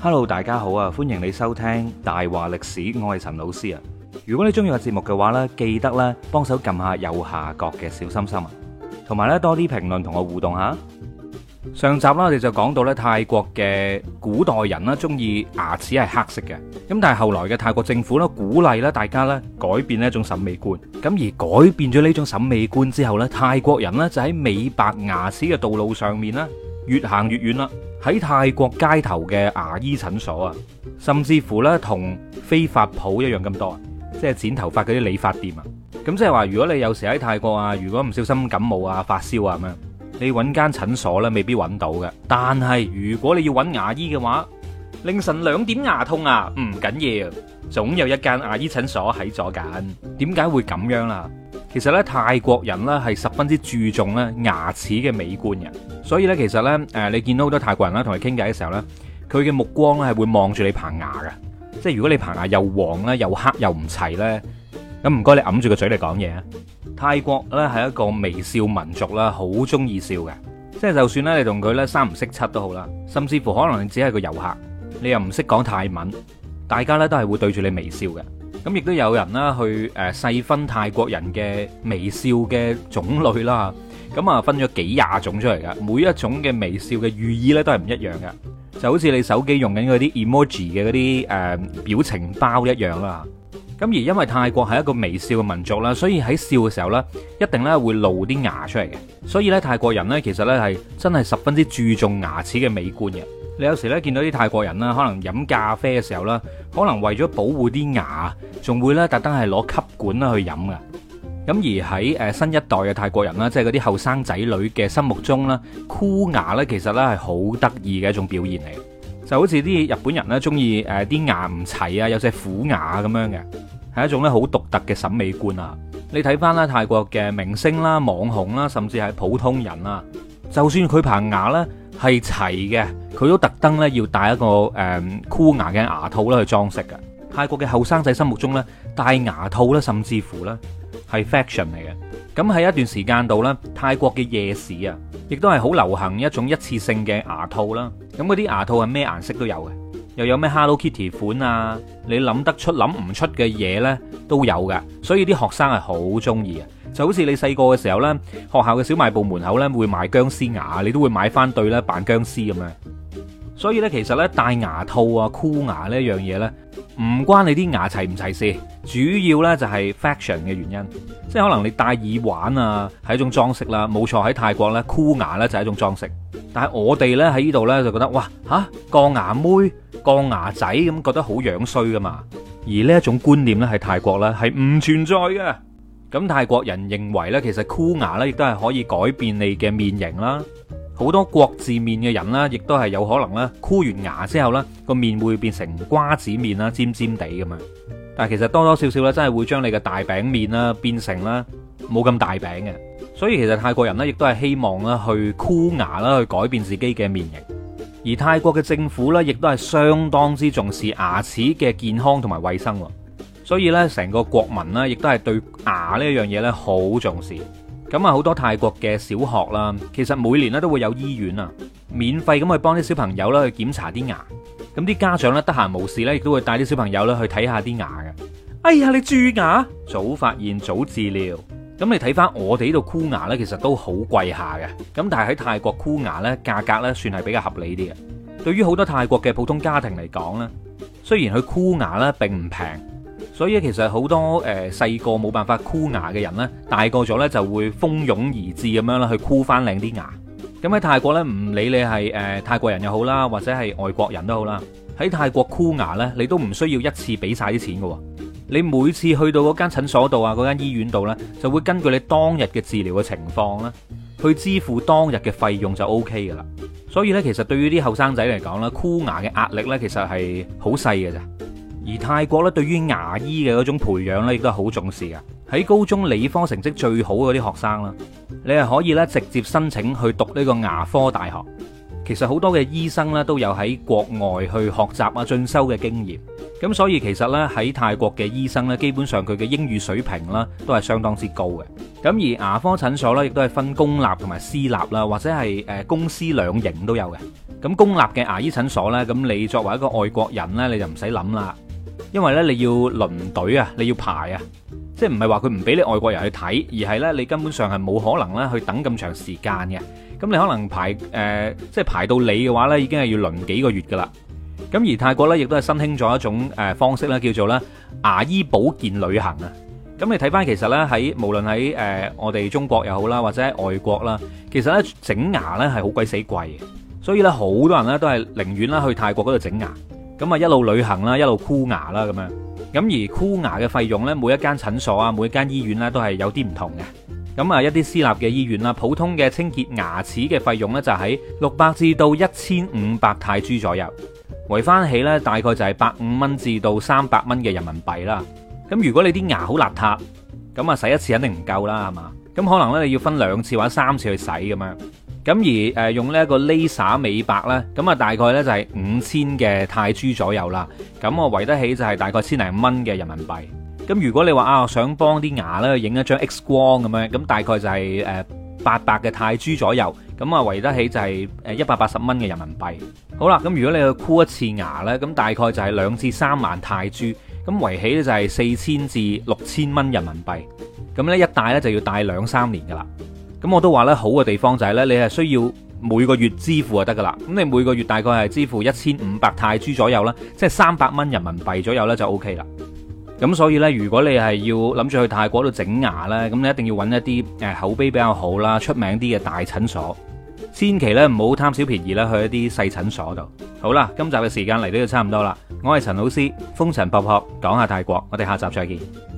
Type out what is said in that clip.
Hello，大家好啊！歡迎你收聽大話歷史，我係陳老師啊！如果你中意個節目嘅話呢，記得咧幫手撳下右下角嘅小心心啊，同埋呢多啲評論同我互動下。上集啦，我哋就講到呢泰國嘅古代人啦，中意牙齒係黑色嘅，咁但係後來嘅泰國政府啦，鼓勵啦大家呢改變呢一種審美觀，咁而改變咗呢種審美觀之後呢，泰國人呢就喺美白牙齒嘅道路上面咧。越行越遠啦！喺泰國街頭嘅牙醫診所啊，甚至乎呢，同飛髮舖一樣咁多啊，即係剪頭髮嗰啲理髮店啊。咁即係話，如果你有時喺泰國啊，如果唔小心感冒啊、發燒啊咁樣，你揾間診所呢，未必揾到嘅。但係如果你要揾牙醫嘅話，凌晨兩點牙痛啊，唔緊要，總有一間牙醫診所喺左近。點解會咁樣啦？其實咧，泰國人咧係十分之注重咧牙齒嘅美觀嘅，所以咧，其實咧，誒，你見到好多泰國人啦，同佢傾偈嘅時候咧，佢嘅目光咧係會望住你棚牙㗎，即係如果你棚牙又黃咧、又黑又唔齊咧，咁唔該你揞住個嘴嚟講嘢啊！泰國咧係一個微笑民族啦，好中意笑嘅，即係就算咧你同佢咧三唔識七都好啦，甚至乎可能你只係個遊客，你又唔識講泰文，大家咧都係會對住你微笑嘅。咁亦都有人啦，去誒細分泰國人嘅微笑嘅種類啦，咁啊分咗幾廿種出嚟噶，每一種嘅微笑嘅寓意咧都係唔一樣嘅，就好似你手機用緊嗰啲 emoji 嘅嗰啲誒、呃、表情包一樣啦。咁而因為泰國係一個微笑嘅民族啦，所以喺笑嘅時候咧，一定咧會露啲牙出嚟嘅，所以咧泰國人咧其實咧係真係十分之注重牙齒嘅美觀嘅。你有時咧見到啲泰國人啦，可能飲咖啡嘅時候啦，可能為咗保護啲牙，仲會咧特登係攞吸管啦去飲噶。咁而喺誒新一代嘅泰國人啦，即係嗰啲後生仔女嘅心目中咧，箍牙咧其實咧係好得意嘅一種表現嚟，就好似啲日本人咧中意誒啲牙唔齊啊，有隻虎牙咁樣嘅，係一種咧好獨特嘅審美觀啊。你睇翻啦，泰國嘅明星啦、網紅啦，甚至係普通人啦，就算佢棚牙咧，係齊嘅，佢都特登咧要戴一個誒、呃、箍牙嘅牙套啦去裝飾嘅。泰國嘅後生仔心目中咧，戴牙套咧甚至乎咧係 fashion 嚟嘅。咁喺一段時間度咧，泰國嘅夜市啊，亦都係好流行一種一次性嘅牙套啦。咁嗰啲牙套係咩顏色都有嘅。又有咩 Hello Kitty 款啊？你諗得出諗唔出嘅嘢呢都有㗎，所以啲學生係好中意啊。就好似你細個嘅時候呢，學校嘅小賣部門口呢，會賣殭屍牙，你都會買翻對咧扮殭屍咁樣。所以呢，其實呢，戴牙套啊箍牙呢一樣嘢呢，唔關你啲牙齊唔齊事，主要呢，就係、是、fashion 嘅原因。即係可能你戴耳環啊係一種裝飾啦，冇錯喺泰國呢，箍牙呢就係一種裝飾，但係我哋呢，喺呢度呢，就覺得哇嚇、啊、鋼牙妹。當牙仔咁，覺得好樣衰噶嘛？而呢一種觀念咧喺泰國咧係唔存在嘅。咁泰國人認為呢，其實箍牙呢亦都係可以改變你嘅面型啦。好多國字面嘅人咧，亦都係有可能啦，箍完牙之後呢，個面會變成瓜子面啦，尖尖地咁樣。但係其實多多少少呢，真係會將你嘅大餅面啦變成啦冇咁大餅嘅。所以其實泰國人呢，亦都係希望咧去箍牙啦，去改變自己嘅面型。而泰國嘅政府咧，亦都係相當之重視牙齒嘅健康同埋衞生喎，所以呢，成個國民呢，亦都係對牙呢一樣嘢呢好重視。咁啊，好多泰國嘅小學啦，其實每年呢都會有醫院啊，免費咁去幫啲小朋友啦去檢查啲牙。咁啲家長呢，得閒無事呢，亦都會帶啲小朋友呢去睇下啲牙嘅。哎呀，你蛀牙，早發現早治療。咁你睇翻我哋呢度箍牙呢，其實都好貴下嘅。咁但係喺泰國箍牙呢，價格呢算係比較合理啲嘅。對於好多泰國嘅普通家庭嚟講呢，雖然佢箍牙呢並唔平，所以其實好多誒細個冇辦法箍牙嘅人呢，大個咗呢就會蜂擁而至咁樣啦，去箍翻靚啲牙。咁喺泰國呢，唔理你係誒、呃、泰國人又好啦，或者係外國人都好啦，喺泰國箍牙呢，你都唔需要一次俾晒啲錢嘅喎。你每次去到嗰間診所度啊，嗰間醫院度呢，就會根據你當日嘅治療嘅情況咧，去支付當日嘅費用就 OK 噶啦。所以呢，其實對於啲後生仔嚟講呢，箍牙嘅壓力呢，其實係好細嘅咋。而泰國呢，對於牙醫嘅嗰種培養呢，亦都係好重視嘅。喺高中理科成績最好嗰啲學生啦，你係可以呢直接申請去讀呢個牙科大學。其實好多嘅醫生呢，都有喺國外去學習啊進修嘅經驗。咁所以其實呢，喺泰國嘅醫生呢，基本上佢嘅英語水平呢都係相當之高嘅。咁而牙科診所呢，亦都係分公立同埋私立啦，或者係誒公私兩營都有嘅。咁公立嘅牙醫診所呢，咁你作為一個外國人呢，你就唔使諗啦，因為呢你要輪隊啊，你要排啊，即係唔係話佢唔俾你外國人去睇，而係呢，你根本上係冇可能呢去等咁長時間嘅。咁你可能排誒、呃，即係排到你嘅話呢，已經係要輪幾個月㗎啦。咁而泰國咧，亦都係新興咗一種誒方式咧，叫做咧牙醫保健旅行啊。咁你睇返其實咧，喺無論喺誒我哋中國又好啦，或者喺外國啦，其實咧整牙咧係好鬼死貴嘅，所以咧好多人咧都係寧願啦去泰國嗰度整牙，咁啊一路旅行啦，一路箍牙啦咁樣。咁而箍牙嘅費用咧，每一間診所啊，每一間醫院咧，都係有啲唔同嘅。咁啊，一啲私立嘅醫院啦，普通嘅清潔牙齒嘅費用咧，就喺六百至到一千五百泰銖左右。圍翻起咧，大概就係百五蚊至到三百蚊嘅人民幣啦。咁如果你啲牙好邋遢，咁啊洗一次肯定唔夠啦，係嘛？咁可能咧你要分兩次或者三次去洗咁樣。咁而誒、呃、用呢一個 Laser 美白咧，咁啊大概咧就係五千嘅泰銖左右啦。咁我圍得起就係大概千零蚊嘅人民幣。咁如果你話啊我想幫啲牙咧影一張 X 光咁樣，咁大概就係誒八百嘅泰銖左右。咁啊，圍得起就係誒一百八十蚊嘅人民幣。好啦，咁如果你去箍一次牙呢，咁大概就係兩至三萬泰銖，咁圍起咧就係四千至六千蚊人民幣。咁呢，一帶呢就要帶兩三年噶啦。咁我都話呢，好嘅地方就係、是、呢，你係需要每個月支付就得噶啦。咁你每個月大概係支付一千五百泰銖左右啦，即係三百蚊人民幣左右呢，就 O K 啦。咁所以呢，如果你係要諗住去泰國度整牙呢，咁你一定要揾一啲誒口碑比較好啦、出名啲嘅大診所。千祈咧唔好貪小便宜啦，去一啲細診所度。好啦，今集嘅時間嚟到就差唔多啦，我係陳老師，風塵僕僕講下泰國，我哋下集再見。